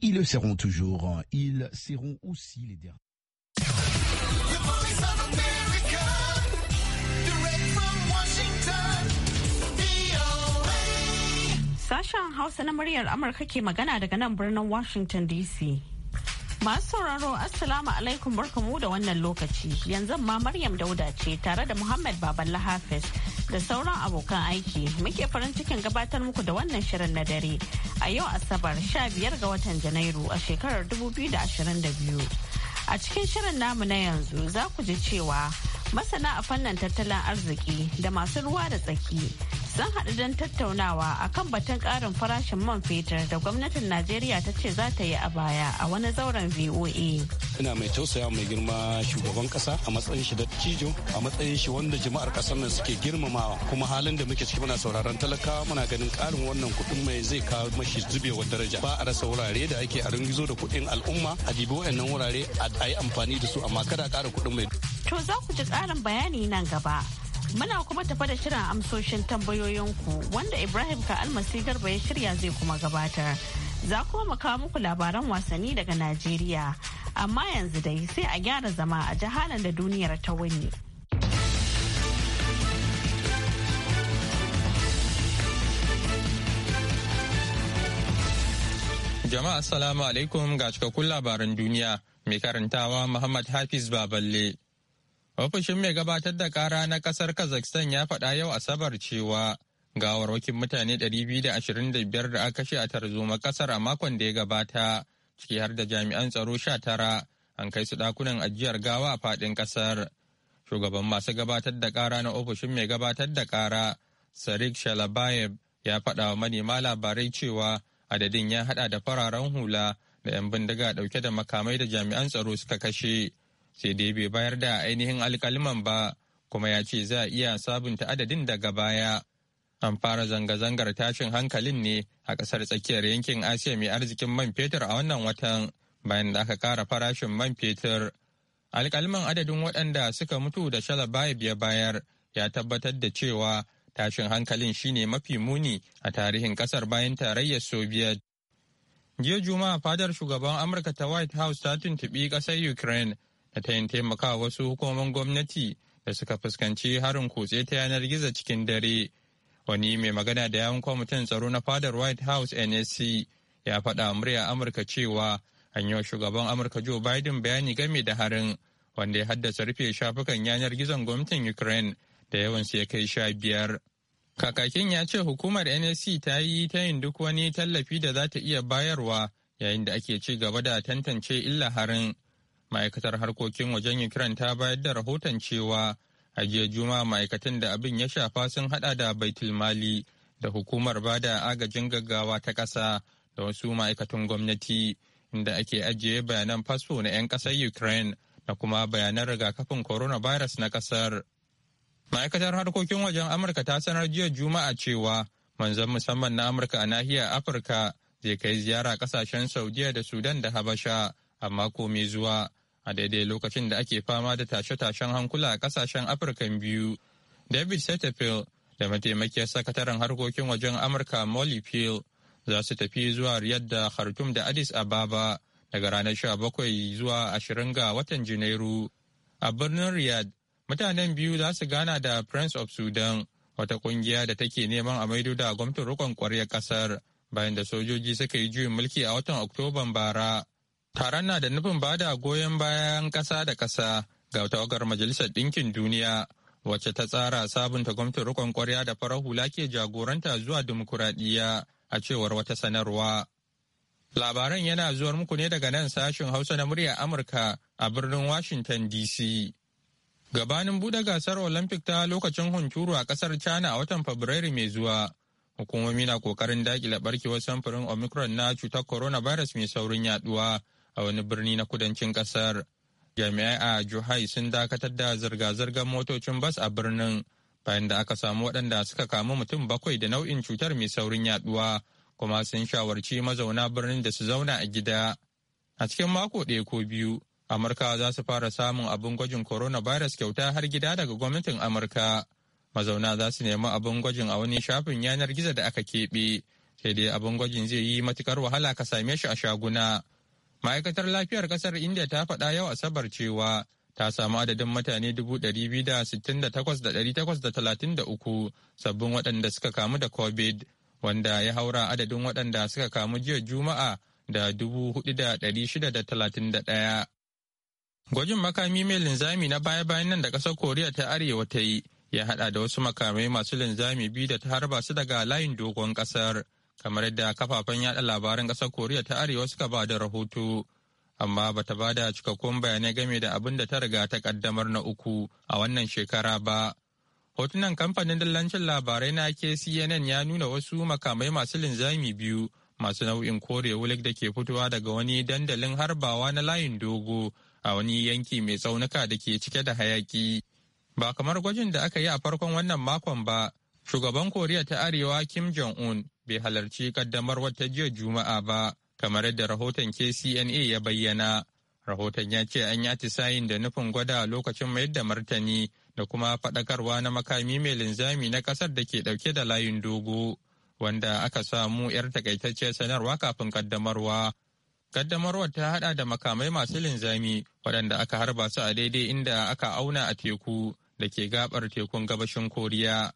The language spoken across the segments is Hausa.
Ils le seront toujours. Hein. Ils seront aussi les derniers. Sasha, Hausa na muryar Amurka ke magana daga nan birnin Washington DC. Masu sauraro Assalamu alaikum barkamu da wannan lokaci yanzu ma Maryam Dauda ce tare da Muhammad Baballa Hafiz da sauran abokan aiki muke farin cikin gabatar muku da wannan shirin na dare a yau Asabar 15 ga watan Janairu a shekarar 2022. A cikin shirin namu na yanzu za ku ji cewa masana a fannin tattalin arziki da masu ruwa da tsaki Zan haɗu don tattaunawa akan batun ƙarin farashin man fetur da gwamnatin Najeriya ta ce za ta yi a baya a wani zauren VOA. Ina mai tausaya mai girma shugaban ƙasa a matsayin shi da cijo a matsayin shi wanda jama'ar ƙasar nan suke girmamawa kuma halin da muke ciki muna sauraron talaka muna ganin ƙarin wannan kuɗin mai zai kawo mashi zubewa daraja ba a rasa wurare da ake a ringizo da kuɗin al'umma a dibi waannan wurare a yi amfani da su amma kada a ƙara kuɗin mai. To za ku ji ƙarin bayani nan gaba. Muna kuma tafa da shirin amsoshin tambayoyinku wanda Ibrahim ka almasi garba ya shirya zai kuma gabatar. Za kuma mu kawo muku labaran wasanni daga Najeriya. Amma yanzu dai sai a gyara zama a jihanan da duniyar ta wuni. Jama'a Assalamu alaikum ga cikakkun labaran duniya mai karantawa Muhammad Hafiz Baballe. Ofishin mai gabatar da kara na kasar Kazakhstan ya faɗa yau Asabar cewa gawarwakin mutane 225 da aka kashe a tarzoma kasar a makon da ya gabata ciki har da jami'an tsaro 19 an kai su ɗakunan ajiyar gawa a faɗin kasar. Shugaban masu gabatar da kara na ofishin mai gabatar da kara Sarik Shalabayev ya faɗa wa manema labarai cewa adadin ya haɗa da fararen hula da 'yan bindiga ɗauke da makamai da jami'an tsaro suka kashe. sai dai bai bayar da ainihin alkaliman ba kuma ya ce za a iya sabunta adadin daga baya an fara zanga-zangar tashin hankalin ne a kasar tsakiyar yankin asiya mai arzikin man fetur a wannan watan bayan da aka kara farashin man fetur alkaliman adadin waɗanda suka mutu da shalabaya biya bayar ya tabbatar da cewa tashin hankalin shine mafi muni a tarihin kasar bayan tarayyar soviet jiya juma'a fadar shugaban amurka ta white house ta tuntuɓi ƙasar ukraine da ta yin taimakawa wasu hukumomin gwamnati da suka fuskanci harin kutse ta yanar gizo cikin dare wani mai magana da yawun kwamitin tsaro na fadar white house nsc ya faɗa murya amurka cewa an yi shugaban amurka joe biden bayani game da harin wanda ya haddasa rufe shafukan yanar gizon gwamnatin ukraine da yawan ya kai sha biyar kakakin ya ce hukumar nsc ta yi ta yin duk wani tallafi da za ta iya bayarwa yayin da ake ci gaba da tantance illa harin ma'aikatar harkokin wajen ukraine ta bayar da rahoton cewa a jiya juma'a ma'aikatan da abin ya shafa sun hada da baitul mali da hukumar bada agajin gaggawa ta ƙasa da wasu ma'aikatan gwamnati inda ake ajiye bayanan fasfo na 'yan ƙasar ukraine da kuma bayanan rigakafin coronavirus na ƙasar ma'aikatar harkokin wajen amurka ta sanar jiya juma'a cewa manzon musamman na amurka a nahiyar afirka zai kai ziyara ƙasashen saudiya da sudan da habasha amma mako mai zuwa a daidai lokacin da ake fama da tashe-tashen hankula a kasashen afirkan biyu david setterfield da mataimakiyar sakataren harkokin wajen amurka molly peel za su tafi zuwa yadda da khartoum da addis ababa daga ranar sha bakwai zuwa ashirin ga watan janairu a birnin riyad mutanen biyu za su gana da prince of sudan wata kungiya da take neman a maido da gwamnatin rikon kwaryar kasar bayan da sojoji suka yi juyin mulki a watan oktoban bara Taron na da nufin ba da goyon bayan ƙasa da ƙasa ga tawagar Majalisar Ɗinkin Duniya wacce ta tsara sabunta gwamnatin rikon ƙwarya da farar hula ke jagoranta zuwa dimokuraɗiyya a cewar wata sanarwa. Labaran yana zuwar muku ne daga nan sashen Hausa na murya Amurka a birnin Washington DC. Gabanin buɗe gasar Olympic ta lokacin hunturu a ƙasar China a watan Fabrairu mai zuwa. Hukumomi na ƙoƙarin daƙile ɓarkewar samfurin Omicron na cutar coronavirus mai saurin yaduwa a wani birni na kudancin kasar jami'ai a juhai sun dakatar da zirga-zirgar motocin bas a birnin bayan da aka samu waɗanda suka kamu mutum bakwai da nau'in cutar mai saurin yaduwa kuma sun shawarci mazauna birnin da su zauna a gida a cikin mako ɗaya ko biyu amurka za su fara samun abin gwajin coronavirus kyauta har gida daga gwamnatin amurka mazauna za su nemi abin gwajin a wani shafin yanar gizo da aka keɓe sai dai abin gwajin zai yi matukar wahala ka same shi a shaguna ma'aikatar lafiyar kasar india ta faɗa yau asabar cewa ta samu adadin mutane 268,833 sabbin waɗanda suka kamu da covid wanda ya haura adadin waɗanda suka kamu jiya juma'a da 4,631 gwajin makami mai linzami na baya-bayan nan da ƙasar koriya ta arewa ta yi ya haɗa da wasu makamai masu linzami biyu da ta harba su daga layin dogon ƙasar. kamar yadda kafafen yada labaran ƙasar koriya ta arewa suka ba da rahoto amma bata ba da cikakkun bayanai game da abin da ta riga ta kaddamar na uku a wannan shekara ba hotunan kamfanin dillancin labarai na kcnn ya nuna wasu makamai masu linzami biyu masu nau'in kore wulik da ke fitowa daga wani dandalin harbawa na layin dogo a wani yanki mai tsaunuka da ke cike da hayaki ba kamar gwajin da aka yi a farkon wannan makon ba shugaban koriya ta arewa kim jong un bai halarci kaddamarwar ta jiya Juma'a ba, kamar yadda rahoton KCNA ya bayyana. Rahoton ya ce an yi sayin da nufin gwada lokacin mayar da martani da kuma faɗakarwa na makami mai linzami na ƙasar da ke ɗauke da layin dogo, wanda aka samu 'yar takaitacciyar sanarwa kafin kaddamarwa. Kaddamarwar ta hada da makamai masu linzami waɗanda aka harba su a daidai inda aka auna a teku da ke gabar tekun gabashin Koriya.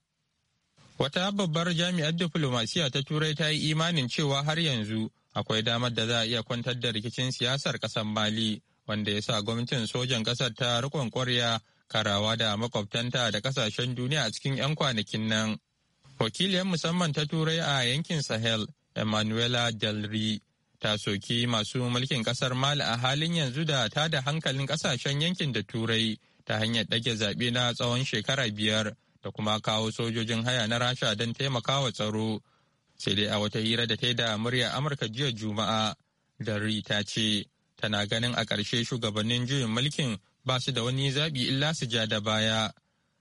Wata babbar jami'ar diflomasiya ta Turai ta yi imanin cewa har yanzu akwai damar da za a iya kwantar da rikicin siyasar ƙasar Mali, wanda ya sa gwamnatin sojan ƙasar ta rikon ƙwarya karawa da makwabtanta da ƙasashen duniya a cikin 'yan kwanakin nan. Wakiliyar musamman ta Turai a yankin Sahel, Emanuela Delri, ta soki masu mulkin ƙasar Mali a halin yanzu da ta da hankalin ƙasashen yankin da Turai ta hanyar ɗage zaɓe na tsawon shekara biyar. da kuma kawo sojojin haya na rasha don taimakawa tsaro sai dai a wata hira da ta yi da murya amurka jiya juma'a dari ta ce tana ganin a ƙarshe shugabannin juyin mulkin ba su da wani zaɓi illa su ja da baya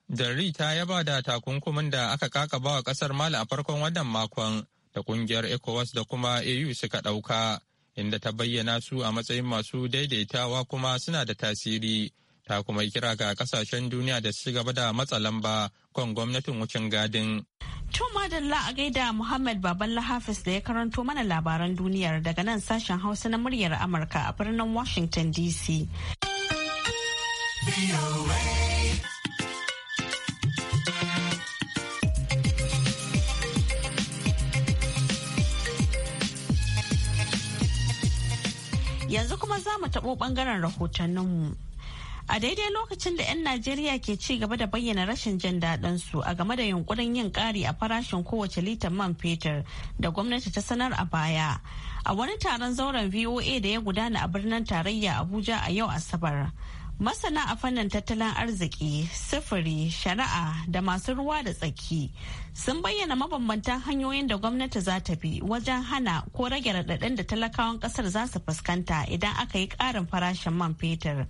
dari ta yaba da takunkumin da aka kaka bawa ƙasar mali a farkon wannan makon da ƙungiyar ecowas da kuma au suka ɗauka inda ta bayyana su a matsayin masu daidaitawa kuma suna da tasiri ta kuma kira ga ƙasashen duniya da su gaba da matsa lamba kan gwamnatin wucin gadin. Tun madalla a gaida Muhammad Baballa Hafiz da ya karanto mana labaran duniyar daga nan sashen Hausa na muryar Amurka a birnin Washington DC. Yanzu kuma za mu taɓo ɓangaren rahotanninmu. a daidai lokacin da 'yan najeriya ke ci gaba da bayyana rashin jin daɗin su a game da yunkurin yin ƙari a farashin kowace litan man fetur da gwamnati ta sanar a baya a wani taron zauren voa da ya gudana a birnin tarayya abuja a yau asabar masana a fannin tattalin arziki sufuri shari'a da masu ruwa da tsaki sun bayyana mabambantan hanyoyin da gwamnati za ta bi wajen hana ko rage raɗaɗin da talakawan ƙasar za su fuskanta idan aka yi ƙarin farashin man fetur.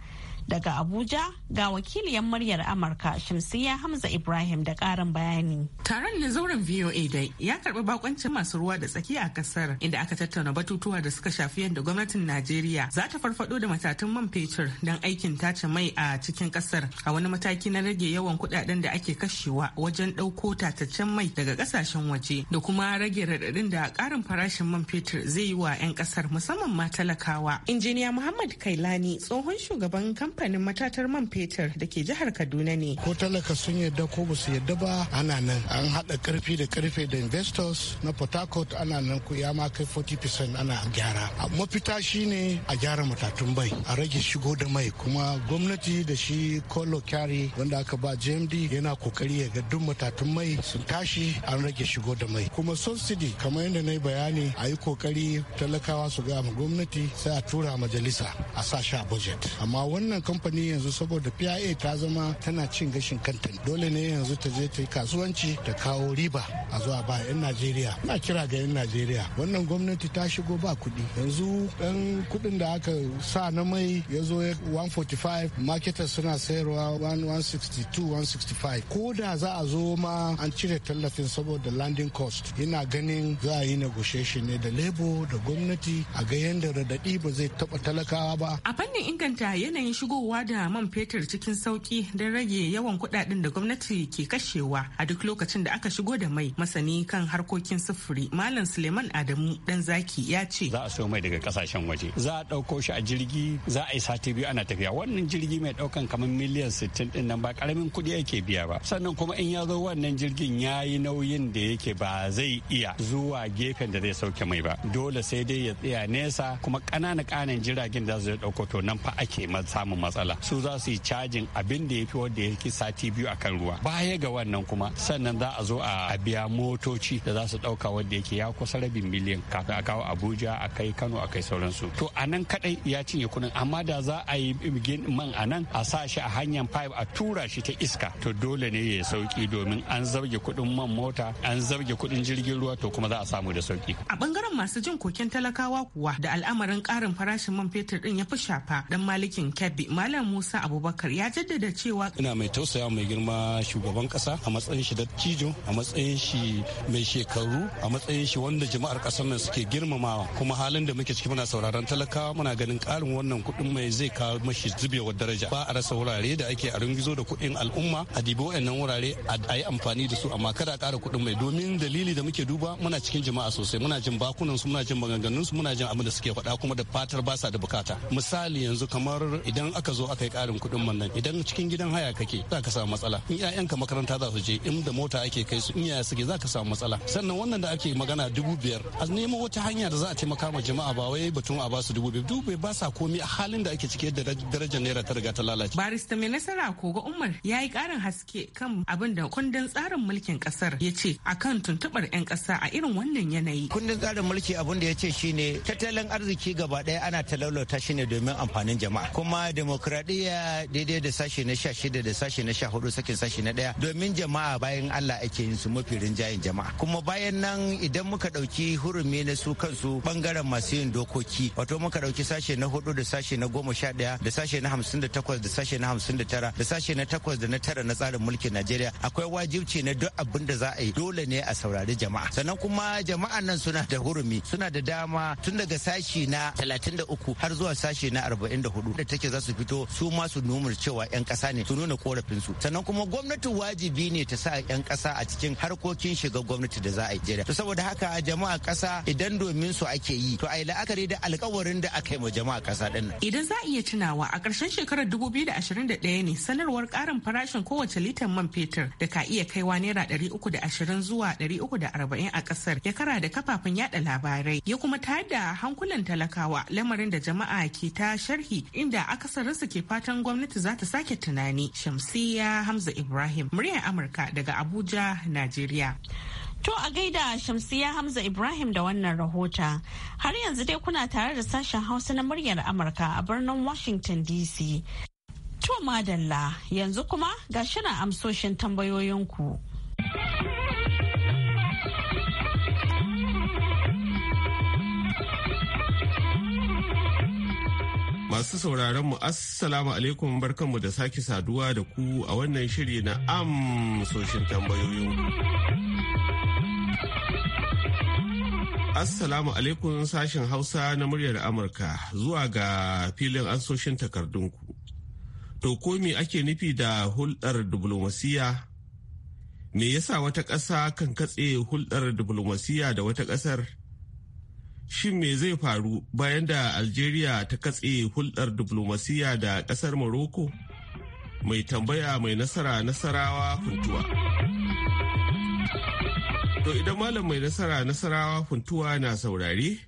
Daga Abuja ga wakiliyar muryar Amurka Shamsiyya Hamza Ibrahim da ƙarin bayani. Taron na zauren VOA dai ya karɓi bakoncin masu ruwa da tsaki a ƙasar inda aka tattauna batutuwa da suka shafi yadda gwamnatin Najeriya za ta farfado da matatun man fetur don aikin tace mai a cikin ƙasar a wani mataki na rage yawan kuɗaɗen da ake kashewa wajen ɗauko tataccen mai daga ƙasashen waje da kuma rage raɗaɗin da ƙarin farashin man fetur zai yi wa 'yan ƙasar musamman ma talakawa. Injiniya Muhammad Kailani tsohon shugaban kamfanin kamfanin matatar man fetur da ke jihar Kaduna ne. Ko talaka sun yadda ko ba su yadda ba ana nan an haɗa karfi da karfe da investors na Port Harcourt ana nan ku ya ma kai 40% ana gyara. Mafita shi ne a gyara matatun bai a rage shigo da mai kuma gwamnati da shi Kolo Kyari wanda aka ba JMD yana kokari ya ga duk matatun mai sun tashi an rage shigo da mai. Kuma subsidy kamar yadda na yi bayani a yi kokari talakawa su ga gwamnati sai a tura majalisa a sa sha budget. Amma wannan wannan kamfani yanzu saboda pia ta zama tana cin gashin kanta dole ne yanzu ta je ta yi kasuwanci ta kawo riba a zuwa ba 'yan najeriya na kira ga 'yan najeriya wannan gwamnati ta shigo ba kuɗi yanzu dan kuɗin da aka sa na mai ya zo 145 marketers suna sayarwa 162 165 ko da za a zo ma an cire tallafin saboda landing cost yana ganin za a yi negotiation ne da lebo da gwamnati a ga yadda radadi ba zai taba talakawa ba a fannin inganta yanayin shigo shigowa da man fetur cikin sauki don rage yawan kudaden da gwamnati ke kashewa a duk lokacin da aka shigo da mai masani kan harkokin sufuri malam suleiman adamu dan zaki ya ce za a so mai daga kasashen waje za a ɗauko shi a jirgi za a yi sati biyu ana tafiya wannan jirgi mai ɗaukan kamar miliyan sittin din nan ba karamin kuɗi yake biya ba sannan kuma in ya zo wannan jirgin ya yi nauyin da yake ba zai iya zuwa gefen da zai sauke mai ba dole sai dai ya tsaya nesa kuma ƙananan ƙanan jiragen da zai ɗauko to nan fa ake samun matsala su za su yi cajin abin da ya fi wanda ya ki sati biyu a kan ruwa baya ga wannan kuma sannan za a zo a biya motoci da za su ɗauka wanda yake ya kusa rabin miliyan kafin a kawo abuja a kai kano a kai sauransu to a nan kaɗai ya cinye kuɗin amma da za a yi man a nan a sa shi a hanyar pipe a tura shi ta iska to dole ne ya sauki domin an zarge kuɗin man mota an zarge kuɗin jirgin ruwa to kuma za a samu da sauki a bangaren masu jin koken talakawa kuwa da al'amarin karin farashin man fetur din ya fi shafa dan malikin kebbi Malam Musa Abubakar ya jaddada cewa ina mai tausaya mai girma shugaban kasa a matsayin shi dattijo a matsayin shi mai shekaru a matsayin shi wanda jama'ar kasar nan suke girmamawa kuma halin da muke ciki muna sauraron talakawa muna ganin karin wannan kuɗin mai zai kawo mashi zubewar daraja ba a rasa wurare da ake a rungizo da kuɗin al'umma a dibi wayannan wurare a yi amfani da su amma kada a ƙara kuɗin mai domin dalili da muke duba muna cikin jama'a sosai muna jin bakunan su muna jin maganganun su muna jin abin da suke faɗa kuma da fatar ba sa da bukata misali yanzu kamar idan aka zo aka yi karin kudin man nan idan cikin gidan haya kake za ka samu matsala in ƴaƴanka makaranta za su je in da mota ake kai su in yaya suke za ka samu matsala sannan wannan da ake magana dubu biyar a nemo wata hanya da za a taimaka ma jama'a ba wai batun a basu dubu biyar dubu ba sa komi a halin da ake ciki da darajar naira ta riga ta lalace. barista mai nasara kogo umar ya yi karin haske kan abin da kundin tsarin mulkin kasar ya ce a kan tuntubar 'yan kasa a irin wannan yanayi. kundin tsarin mulki abin da ya ce shine tattalin arziki gaba ɗaya ana talaulata shi domin amfanin jama'a kuma da demokradiyya daidai da sashe na shida da sashe na hudu sakin sashe na ɗaya domin jama'a bayan Allah ake yin su mafi rinjayen jama'a kuma bayan nan idan muka ɗauki hurumi na su kansu bangaren masu yin dokoki wato muka ɗauki sashe na hudu da sashe na goma sha ɗaya da sashe na hamsin da takwas da sashe na hamsin da tara da sashe na takwas da na tara na tsarin mulkin Najeriya akwai wajibci na duk abin da za a yi dole ne a saurari jama'a sannan kuma jama'an nan suna da hurumi suna da dama tun daga sashe na 33 har zuwa sashe na 44 da take za su fito su ma su numar cewa 'yan kasa ne su nuna korafinsu sannan kuma gwamnati wajibi ne ta sa 'yan kasa a cikin harkokin shiga gwamnati da za a jira to saboda haka jama'a kasa idan domin su ake yi to a yi la'akari da alkawarin da aka yi ma jama'a ƙasa din idan za a iya tunawa a ƙarshen shekarar da 2021 ne sanarwar ƙarin farashin kowace litan man fetur da ka iya kaiwa naira ashirin zuwa ɗari da arba'in a ƙasar ya kara da kafafen yaɗa labarai ya kuma tada hankulan talakawa lamarin da jama'a ke ta sharhi inda akasarin su ke fatan gwamnati za ta sake tunani shamsiya hamza ibrahim murya amurka daga abuja najeriya To a gaida Shamsiya Hamza Ibrahim da wannan rahota. Har yanzu dai kuna tare da sashen Hausa na muryar Amurka a birnin Washington DC. To madalla yanzu kuma ga shirin amsoshin tambayoyinku. Masu sauraron mu Assalamu alaikum barkanmu da sake saduwa da ku a wannan shiri na amsoshin tambayoyin. Assalamu alaikum sashen Hausa na muryar Amurka zuwa ga filin takardun ku. To ko me ake nufi da hulɗar diplomasiya? Me yasa wata ƙasa kan katse hulɗar diplomasiya da wata ƙasar? shin me zai faru bayan da algeria ta katse hulɗar diplomasiya da ƙasar morocco mai tambaya mai nasara nasarawa funtuwa to idan malam mai nasara nasarawa funtuwa na saurare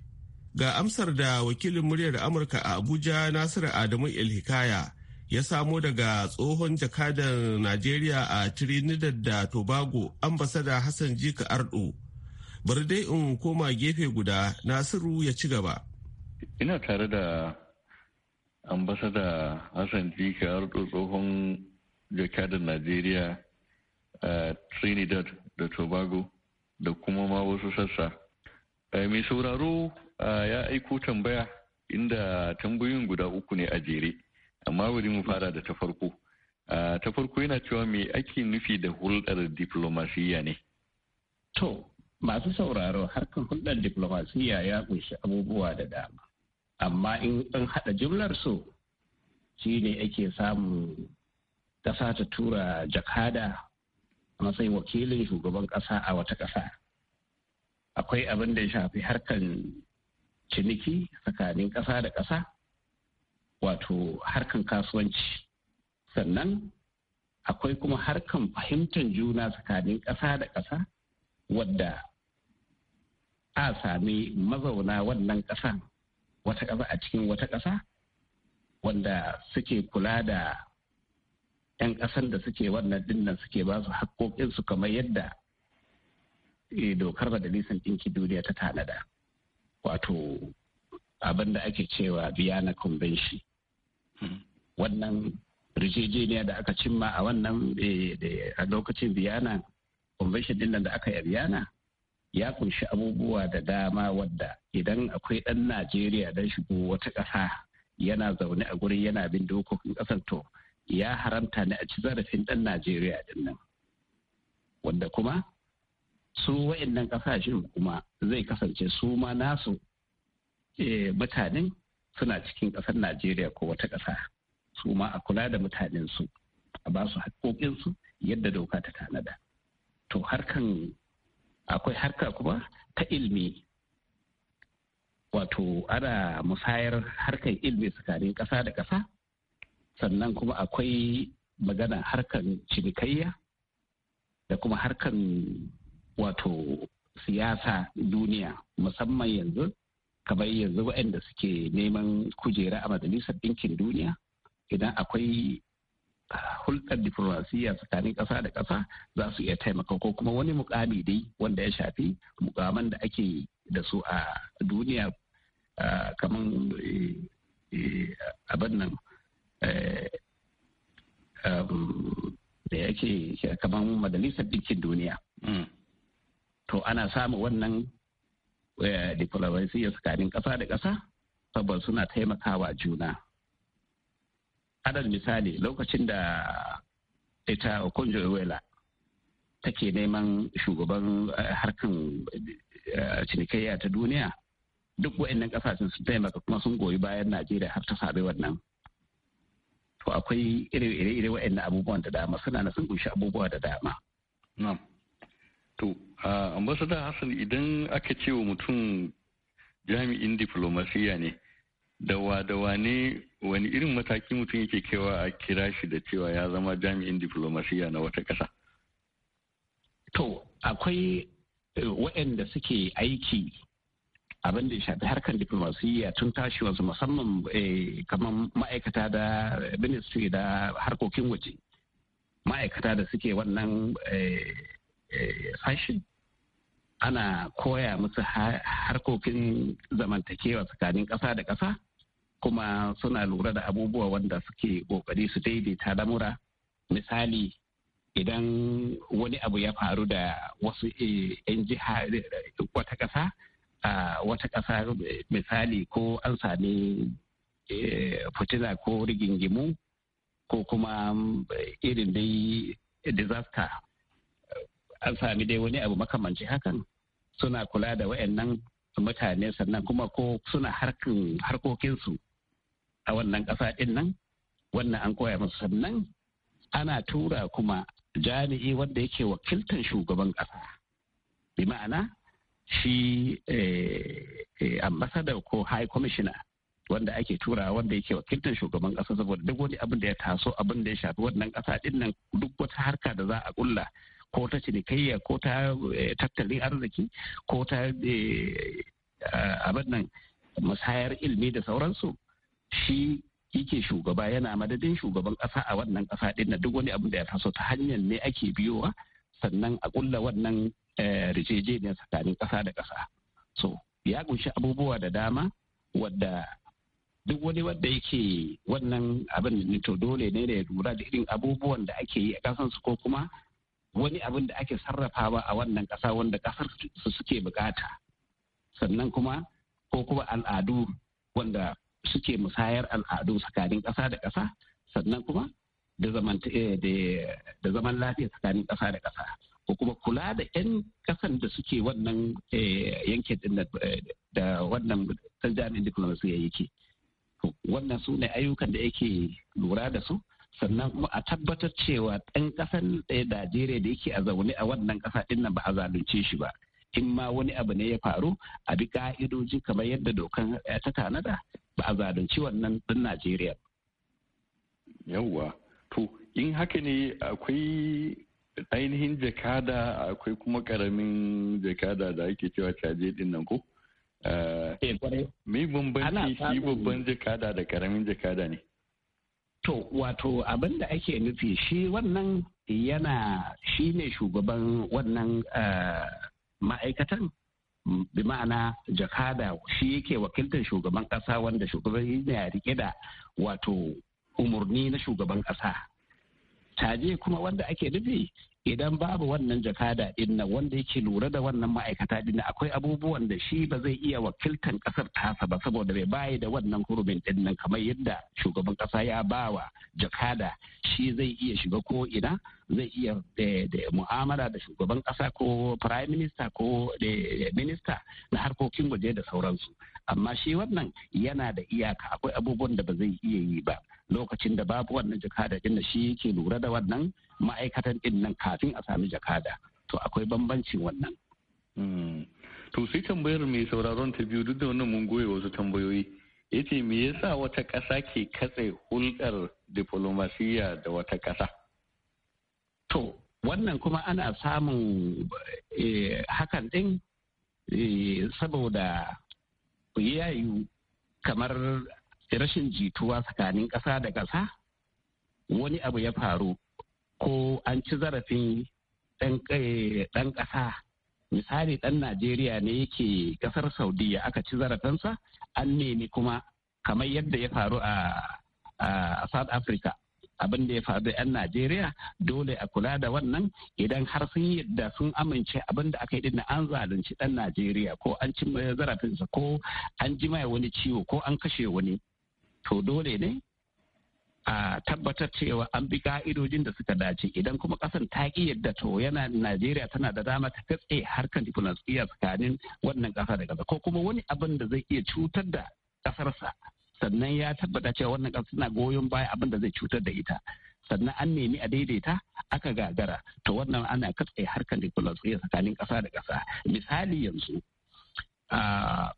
ga amsar da wakilin muryar amurka a abuja nasiru adamu ilhikaya ya samo daga tsohon jakadar najeriya a trinidad da tobago ambasada hassan jika ardo bari dai in koma gefe guda nasiru ya ci gaba ina tare da ambasada hassan jika ardo tsohon jakadar najeriya a trinidad da tobago da kuma ma wasu sassa mai sauraro ya aiko tambaya inda tambayoyin guda uku ne a jere amma wuri mu fara da ta farko ta farko yana cewa mai ake nufi da hulɗar diplomasiya ne to Masu sauraro harkar hulɗar diflomasiyya ya kunshi abubuwa da dama. Amma in ɗan haɗa jumlar so, shi ne ake samun ƙasa ta tura jakada a matsayin wakilin shugaban ƙasa a wata ƙasa. Akwai abin da ya shafi harkar ciniki tsakanin ƙasa da ƙasa, wato harkar kasuwanci. Sannan akwai kuma harkar fahimtar juna tsakanin ƙasa da ƙasa wadda a sami mazauna wannan ƙasa wata ƙasa a cikin wata ƙasa wanda suke kula da 'yan ƙasan da suke wannan dinnan suke ba su haƙoƙinsu kamar yadda eh, dokar majalisar ɗinki duniya ta tanada wato abin da ake cewa biyana convention hmm. wannan rijejeniya da aka cimma a wannan eh, a lokacin biyana convention dinnan da aka yi a biyana ya kunshi abubuwa da dama wadda idan akwai ɗan Najeriya dan shigo wata ƙasa yana zaune a gurin yana bin dokokin ƙasar to ya haramta ne a ci zarafin ɗan Najeriya din nan. Wanda kuma su wa'annan ƙasashen kuma zai kasance su ma nasu eh, mutanen suna cikin ƙasar Najeriya ko wata ƙasa. Su ma a kula da mutanensu a ba su yadda doka ta tanada. To harkan akwai harka kuma ta ilmi wato ana musayar harkan ilmi tsakanin ƙasa da ƙasa sannan kuma akwai magana harkan cinikayya da kuma harkan wato siyasa duniya musamman yanzu kamar yanzu waɗanda suke neman kujera a majalisar ɗinkin duniya idan akwai hulɗar diflomasiyya tsakanin ƙasa da ƙasa za su iya taimaka ko kuma wani mukami dai wanda ya shafi mukaman da ake da su a duniya kamar e, e, abin nan e, um, da yake kamar majalisar ɗinkin duniya mm. to ana samun wannan diflomasiyya tsakanin ƙasa da ƙasa saboda suna taimakawa juna adal misali lokacin da ita okonjo iweala take neman shugaban eh, harkan eh, cinikayya ta duniya duk wa'annan kasashen sun taimaka kuma sun goyi bayan najeriya har ta sabe wannan to akwai ire-ire wa'annan abubuwan da dama suna na sun kunshi abubuwa da dama to ambassador hassan idan aka ce wa mutum jami'in diplomasiya ne dawa-dawa ne wani irin mataki mutum yake kewa a kira shi da cewa ya zama jami'in diplomasiya na wata ƙasa? To, akwai eh, waɗanda suke aiki abin da ya shafi harkar diplomasiya tun tashi wasu musamman eh, kamar ma'aikata da ministry da harkokin waje ma'aikata da suke wannan eh, sashen ana koya musu harkokin zamantakewa tsakanin ƙasa da ƙasa kuma suna lura da abubuwa wanda suke kokari su daidaita lamura misali idan wani abu ya faru da wasu eh, 'yan jiha wata ƙasa wata ƙasa misali ko an sami eh, fitina ko rigingimu ko kuma eh, irin dai disaster an sami dai wani abu makamanci hakan suna kula da wayannan mutane sannan kuma ko suna harkokinsu a wannan ƙasa ɗin nan wannan an koya musu sannan ana tura kuma jami'i wanda yake wakiltar shugaban ƙasa bi ma'ana shi eh, eh, ambassador ko high commissioner wanda ake tura wanda yake wakiltar shugaban ƙasa saboda duk wani abin da ya taso abin da ya shafi wannan ƙasa ɗin nan duk wata harka da za a ƙulla ko ta cinikayya ko ta eh, tattalin arziki ko ta abin nan musayar ilmi da sauransu shi yake shugaba yana madadin shugaban kasa a wannan kasa ɗin na duk wani abin da ya taso ta hanyar ne ake biyowa sannan a ƙulla wannan eh, rijejeniyar tsakanin kasa da kasa. so ya kunshi abubuwa da dama wadda duk wani wadda yake wannan abin ne to dole ne da ya lura da irin abubuwan da ake yi a ko kuma wani abin da ake sarrafawa a wannan kasa wanda kasar su suke bukata sannan kuma ko kuma al'adu wanda suke musayar al'adu tsakanin ƙasa da ƙasa sannan kuma eh, da zaman lafiya tsakanin ƙasa da ƙasa ko kuma kula da 'yan ƙasan da suke wannan eh, yankin din da wannan diplomasi ya yake wannan su ne ayyukan da yake lura da su sannan kuma a tabbatar cewa ɗan ƙasar eh, Najeriya da yake a zaune a wannan ƙasa ɗin nan ba a zalunce shi ba in ma wani abu ne ya faru a bi ka'idoji kamar yadda dokan ta tanada ba a zalunci wannan din Najeriya. Yawwa, to in haka ne akwai ainihin jakada akwai kuma ƙaramin jakada da ake cewa caje ɗin nan ko? Eh, eh, me bambanci shi babban jakada da ƙaramin jakada ne? To, wato abin da ake nufi shi wannan yana shi ne shugaban wannan eh, ma'aikatan bi jakada shi yake wakiltar shugaban kasa wanda shugaban ya rike da wato umarni na shugaban kasa taje kuma wanda ake nufi idan babu wannan jakada din nan wanda yake lura da wannan ma'aikata din akwai abubuwan da shi ba zai iya wakiltan kasar tasa ba saboda bai bayi da wannan hurumin din nan kamar yadda shugaban kasa ya bawa jakada shi zai iya shiga ko ina zai iya eh, da mu'amala da shugaban kasa ko prime minister ko eh, minister na harkokin waje da sauransu amma shi wannan yana da iyaka akwai abubuwan da ba zai iya yi ba lokacin da babu wannan jakada din shi yake lura da wannan ma'aikatan din nan kafin a sami jakada to akwai bambancin wannan hmm. to sai tambayar mai sauraron ta biyu duk da wannan mun goye wasu tambayoyi yace me yasa wata ƙasa ke katse hulɗar diplomasiya da wata ƙasa to wannan kuma ana samun eh, hakan din eh, saboda yayu kamar rashin jituwa tsakanin ƙasa da ƙasa wani abu ya faru ko an ci zarafin ɗan ƙasa misali ɗan najeriya ne yake ƙasar saudiya aka ci zarafinsa an nemi kuma kamar yadda ya faru a south africa abin da ya faru da 'yan Najeriya dole a kula da wannan idan har sun yadda sun amince abin da aka yi din an zalunci ɗan Najeriya ko an ci zarafinsa ko an ji wani ciwo ko an kashe wani to dole ne a tabbatar cewa an bi ka'idojin da suka dace idan kuma kasan ta ki yadda to yana najeriya tana da dama ta katse harkar diflomasiyya tsakanin wannan kasa da kasa ko kuma wani abin da zai iya cutar da kasarsa sannan ya tabbata cewa wannan kasa tana goyon baya abin da zai cutar da ita sannan an nemi a daidaita aka gagara to wannan ana katse harkar diflomasiyya tsakanin kasa da kasa misali yanzu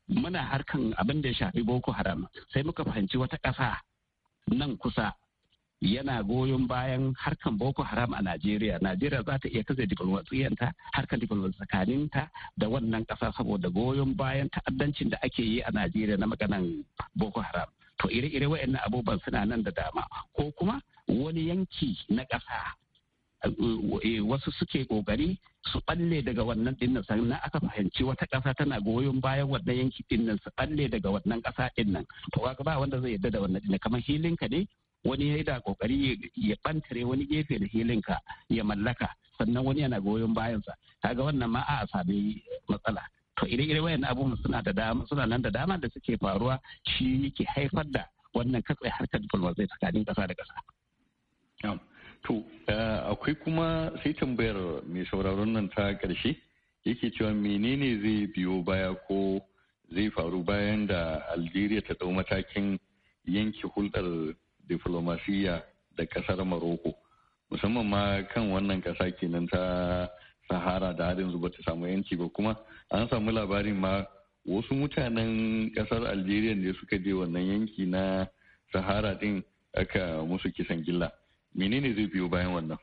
muna harkan abin da ya shafi boko haram sai muka fahimci wata ƙasa nan kusa yana goyon bayan harkan boko haram a najeriya najeriya za ta iya kaza diplomatsiyanta harkan tsakanin ta da wannan ƙasa saboda goyon bayan ta'addancin da ake yi a najeriya na maganan boko haram to ire-ire wa'in abubuwan suna nan da dama ko kuma wani yanki na ƙasa Eh, wasu suke kokari su balle daga wannan dinnan sannan aka fahimci wata kasa tana goyon bayan wannan yanki dinnan su balle daga wannan ƙasa dinnan to ga ba wanda zai yarda da wannan dinnan kamar hilinka ne wani ya yi da kokari ya bantare wani gefe da hilinka ya mallaka sannan wani yana goyon bayansa kaga wannan ma a sami matsala to ire-ire wayan abubuwan suna da dama suna nan da dama da suke faruwa shi yake haifar da wannan katsai harkar diplomasi tsakanin ƙasa da ƙasa. To, eh, akwai kuma sai tambayar mai sauraron nan ta ƙarshe yake cewa menene zai biyo baya ko zai faru bayan da Algeria ta ɗau matakin yanki hulɗar diflomasiyya da ƙasar Maroko. Musamman ma kan wannan ƙasa kenan ta Sahara da har yanzu ta samu yanci ba kuma an samu labarin ma wasu mutanen ƙasar Algeria ne suka je wannan yanki na Sahara ɗin aka musu kisan gilla. menene zai biyo bayan wannan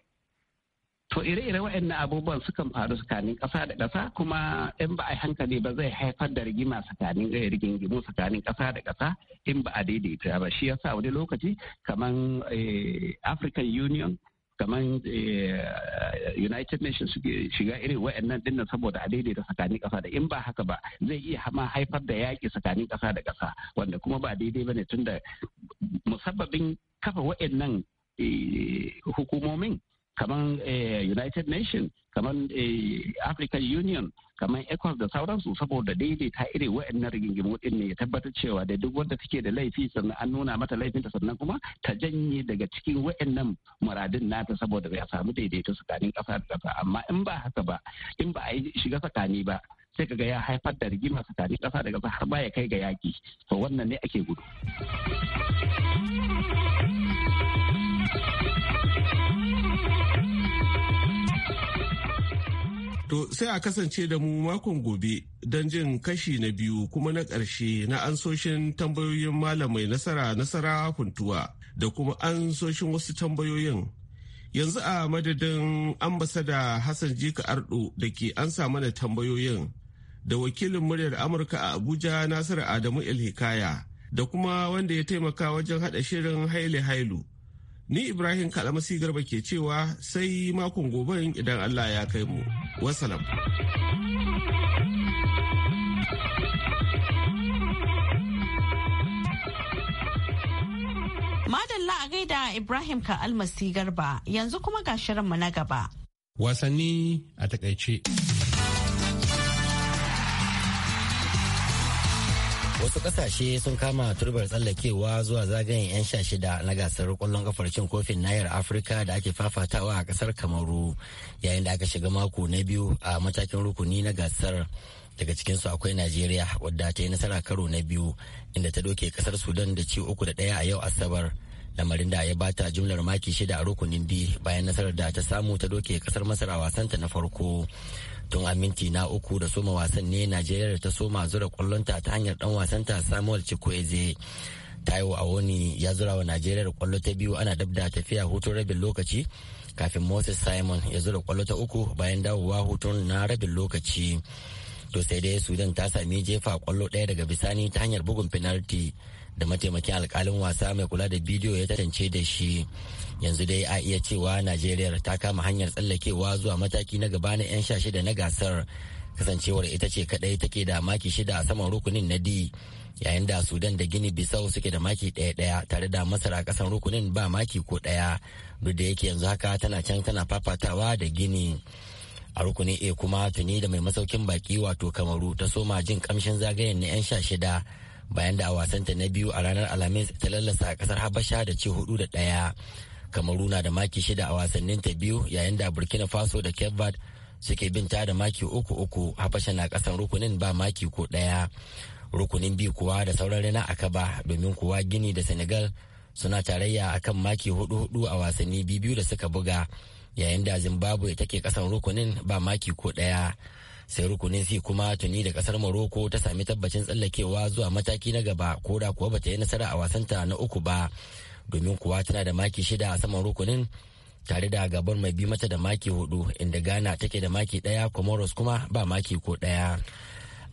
to ire-ire waɗannan abubuwan sukan faru tsakanin ƙasa da ƙasa kuma in ba a hankali ba zai haifar da rigima tsakanin eh, rigingimu tsakanin ƙasa da ƙasa in ba a daidaita ba shi yasa wani lokaci kaman eh, African Union kaman eh, United Nations suke shiga irin waɗannan dinnan saboda a daidaita tsakanin ƙasa da in ba haka ba zai iya hama haifar da yaƙi tsakanin ƙasa da ƙasa wanda kuma ba daidai ba ne tunda musabbabin kafa waɗannan Eh, hukumomin kamar eh, united nations kamar eh, african union kamar ecos da sauransu saboda daidaita iri na rigingimu din ne ya tabbatar cewa da duk wanda take da laifi sannan an nuna mata laifinta sannan kuma ta janye daga cikin nan muradin nata saboda ya samu daidaito tsakanin kasa da kasa amma in ba haka ba in ba a yi shiga tsakani ba sai kaga ya haifar da rigima tsakanin kasa da kasa har ba ya kai ga yaki to wannan ne ake gudu. To sai a kasance da mu makon gobe don jin kashi na biyu kuma na ƙarshe na ansoshin tambayoyin malamai nasara nasara funtuwa da kuma ansoshin wasu tambayoyin. Yanzu a madadin ambasada Hassan Jika Ardo da ke ansa mana tambayoyin da wakilin muryar Amurka a Abuja Nasiru Adamu Ilhikaya da kuma wanda ya taimaka wajen haɗa shirin Haile Hailu. Ni Ibrahim Kalamasi Garba ke cewa sai makon gobe idan Allah ya kai mu. wasalam Madalla a gaida Ibrahim ka almasi garba yanzu kuma ga shirinmu na gaba. Wasanni a takaice. wasu kasashe sun kama turbar tsallakewa zuwa zagayen 'yan sha shida na gasar kwallon kafar cin kofin nayar afirka da ake fafatawa a kasar kamaru yayin da aka shiga mako na biyu a matakin rukuni na gasar daga cikinsu akwai najeriya wadda ta yi nasara karo na biyu inda ta doke kasar sudan da ci uku da daya a yau asabar lamarin da ya bata jumlar maki shida a rukunin biyu bayan nasarar da ta samu ta doke kasar masar a wasanta na farko tun a minti na uku da soma wasan ne najeriya da ta soma zura kwallonta ta hanyar dan wasanta samuel chikwueze taiwo awoni ya zura wa najeriya da kwallo ta biyu ana dabda tafiya hutun rabin lokaci kafin moses simon ya zura kwallo ta uku bayan dawowa hutun na rabin lokaci to sai dai sudan ta sami jefa kwallo ɗaya daga bisani ta hanyar bugun finalti da mataimakin alkalin wasa mai kula da bidiyo ya tantance da shi yanzu dai a iya cewa najeriya ta kama hanyar tsallakewa zuwa mataki na gaba na 'yan sha shida na gasar kasancewar ita ce kadai take da maki shida a saman rukunin na d yayin da sudan da gini bisau suke da maki ɗaya ɗaya tare da masara a kasan rukunin ba maki ko ɗaya duk da yake yanzu haka tana can tana fafatawa da gini a rukunin a kuma tuni da mai masaukin baki wato kamaru ta soma jin kamshin zagayen na 'yan sha shida bayan da a wasanta na biyu a ranar alhamis ta lallasa kasar habasha da ce hudu da daya kamaru na da maki shida a wasannin ta biyu yayin da burkina faso da cape verde suke bin ta da maki uku uku habasha na kasan rukunin ba maki ko daya rukunin biyu kuwa da sauran rana akaba domin kuwa gini da senegal suna tarayya akan maki hudu hudu a wasanni biyu da suka buga yayin da zimbabwe take kasan rukunin ba maki ko daya sai rukunin si kuma tuni da kasar morocco ta sami tabbacin tsallakewa zuwa mataki na gaba ko da kuwa bata yi nasara a wasanta na uku ba domin kuwa tana da maki shida a saman rukunin tare da gabar mai bi mata da maki hudu inda ghana take da maki daya comoros kuma ba maki ko daya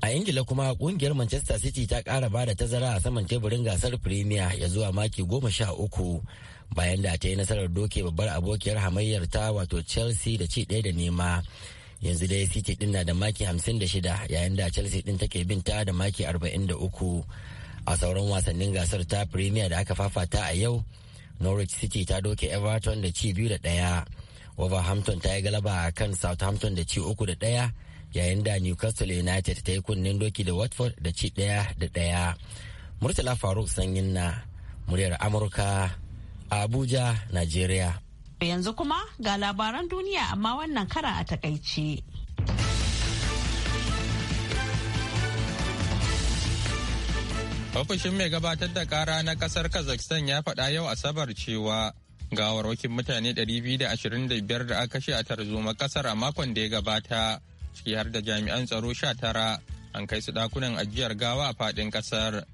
a ingila kuma kungiyar manchester city ta kara ba da tazara a saman teburin gasar premier ya zuwa maki goma sha uku bayan da ta yi nasarar doke babbar abokiyar hamayyar ta wato chelsea da ci ɗaya da nema yanzu dai city din na da maki 56 yayin da chelsea din take bin ta da maki 43 a sauran wasannin gasar ta premier da aka fafata a yau norwich city ta doke everton da ci biyu da daya wolverhampton ta yi galaba a kan southampton da ci uku da daya yayin da newcastle united ta yi kunnen doki da watford da ci daya da daya murtala faruk sanyin na muryar amurka abuja nigeria Yanzu kuma ga labaran duniya amma wannan kara a takaice. Ofishin mai gabatar da kara na kasar Kazakhstan ya faɗa yau Asabar cewa gawarwakin mutane 225 da aka kashe a tarzoma kasar a makon da ya gabata ciki har da jami'an tsaro 19 an kai su ɗakunan ajiyar gawa a faɗin kasar.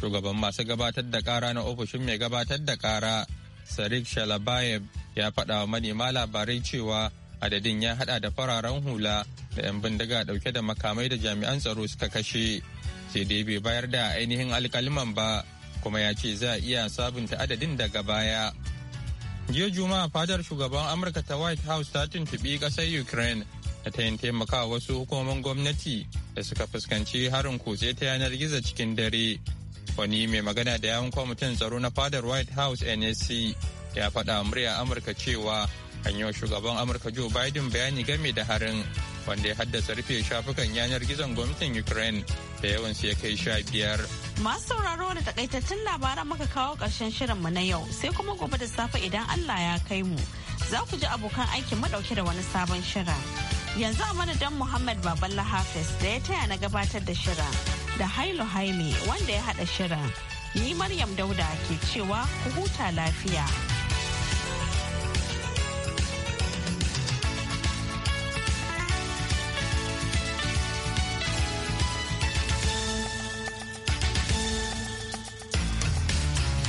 Shugaban masu gabatar da kara na ofishin mai gabatar da kara sarik shalabayev ya faɗa wa manema labarai cewa adadin ya haɗa da fararen hula da 'yan bindiga ɗauke da makamai da jami'an tsaro suka kashe sai dai bai bayar da ainihin alkaliman ba kuma ya ce za a iya sabunta adadin daga baya jiya juma'a fadar shugaban amurka ta white house ta tuntuɓi ƙasar ukraine da ta yin taimakawa wasu hukumomin gwamnati da suka fuskanci harin kutse ta yanar gizo cikin dare wani mai magana da yawon kwamitin tsaro na fadar white house nsc ya faɗa murya amurka cewa hanyar shugaban amurka joe biden bayani game da harin wanda ya haddasa rufe shafukan yanar gizon gwamnatin ukraine da yawan ya kai sha biyar. masu sauraro da takaitattun labaran maka kawo karshen mu na yau sai kuma gobe da safe idan allah ya kai mu za ku ji abokan aikin madauke da wani sabon shirin yanzu a madadin muhammad baballa hafiz da ya taya na gabatar da shirin da Hailu Haile wanda ya haɗa shirin. Ni Maryam Dauda ke cewa ku huta lafiya.